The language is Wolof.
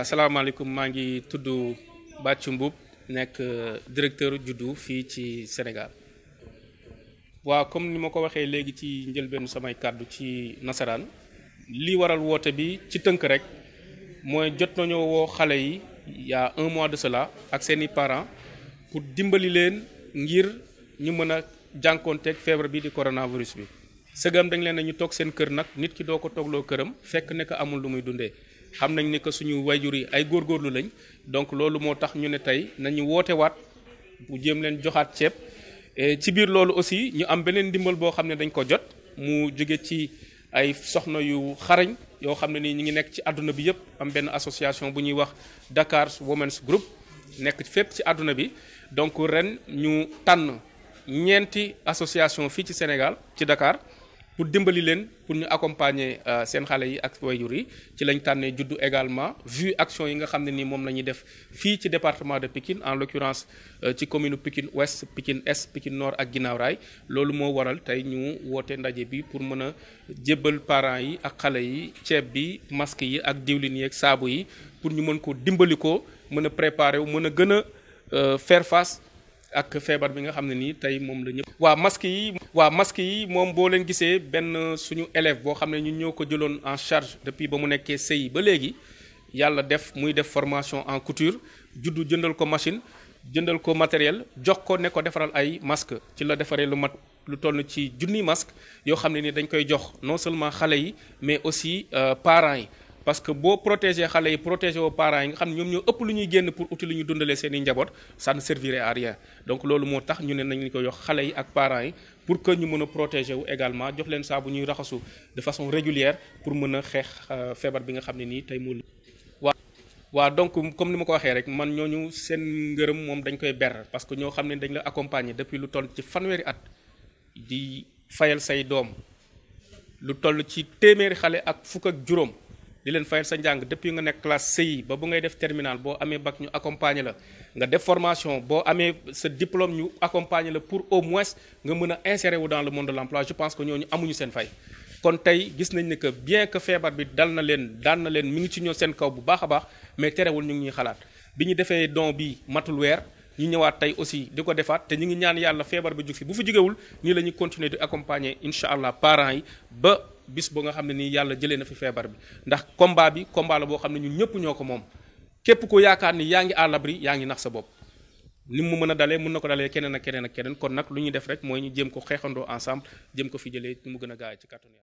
asalaamaaleykum ah, maa ngi tudd Bathie Mboup nekk euh, directeur juddu fii ci Sénégal waaw comme ni ma ko waxee léegi ci njëlbeenu samay kàddu ci nasaraan li waral woote bi ci tënk rek mooy jot nañoo woo xale yi y'a un mois de la ak seeni parent pour dimbali leen ngir ñu mën a jànkoonteeg feebar bi di coronavirus bi sëgam dañ leen ne ñu toog seen kër nag nit ki doo ko toogloo këram fekk nekk amul lu muy dundee xam nañ ne que suñu wayjur yi ay góorgóorlu lañ donc loolu moo tax ñu ne tey nañu woote waat bu jéem leen joxaat ceeb ci biir loolu aussi ñu am beneen ndimbal boo xam ne dañ ko jot mu jóge ci ay soxna yu xarañ yoo xam ne nii ñu ngi nekk ci àdduna bi yëpp am benn association bu ñuy wax Dakar Women's Group nekk fépp ci àdduna bi donc ren ñu tànn ñeenti association fii ci Sénégal ci Dakar pour dimbali leen pour ñu accompagner euh, seen xale yi ak wayjur yi ci lañ tànnee juddu également vu action yi nga xam ne nii moom la def fii ci département de Pikine en l'occurrence euh, ci commune Pikine Ouest Pikine Est Pikine Nord ak Guinaw loolu moo waral tey ñu woote ndaje bi pour mën a jébbal parents yi ak xale yi ceeb bi masque yi ak diwlin yi ak saabu yi pour ñu mën ko dimbali ko mën a préparer wu mën a gën a euh, faire face ak feebar bi nga xam ne nii tey moom la ñëpp. waa masque yi. waa masque yi moom boo leen gisee benn suñu élève boo xam ne ñun ñëw ko jëloon en charge depuis ba mu nekkee CI ba léegi yàlla def muy def formation en couture juddu jëndal ko machine jëndal ko matériel jox ko ne ko defaral ay masque ci la defaree lu mat lu toll ci junni masque yoo xam ne nii dañ koy jox non seulement xale yi mais aussi euh, parents yi. parce que boo protéger xale yi protéger woo parents yi nga xam ne ñoom ñoo ëpp lu ñuy génn pour uti lu ñu dundalee seen i njaboot ça ne servirait à rien donc loolu moo tax ñu ne nañ ko yox xale yi ak parents yi pour que ñu mën a protéger wu également jox leen saa bu ñuy raxasu de façon régulière pour mën a xeex euh, feebar bi nga xam ne nii tey moo waa waaw donc comme ni ma ko waxee rek man ñoo ñu seen ngërëm moom dañ koy ber parce que ñoo xam ne dañ la accompagner depuis lu toll ci fanweeri at di fayal say doom lu toll ci téeméeri xale ak fukk ak juróom di leen fayal sa njàng depuis nga nekk classe CI ba bu ngay def terminal boo amee bac ñu accompagner la nga def formation boo amee sa diplôme ñu accompagner la pour au moins nga mën a insérer wu dans le monde de l'emploi je pense que ñooñu amuñu seen fay. kon tey gis nañ ne que bien que feebar bi dal na leen daan na leen mi ngi ci ñoo seen kaw bu baax a baax mais terewul ñu ngi ñuy xalaat bi ñu defee don bi matul weer. ñu ñëwaat tey aussi di ko defaat te ñu ngi ñaan yàlla feebar bi jug fi bu fi jógewul nii la ñuy continuer accompagner incha allah parents ba bis ba nga xam ne nii yàlla jëlee na fi feebar bi ndax combat bi combat la boo xam ne ñun ñëpp ñoo ko moom képp ko yaakaar ni yaa ngi à l'abri yaa ngi nax sa bopp ni mu mën a dalee mën na ko dalee keneen ak keneen ak keneen kon nag lu ñu def rek mooy ñu jéem ko xeexandoo ensemble jéem ko fi jëlee mu gën a gaaw ci kàttanu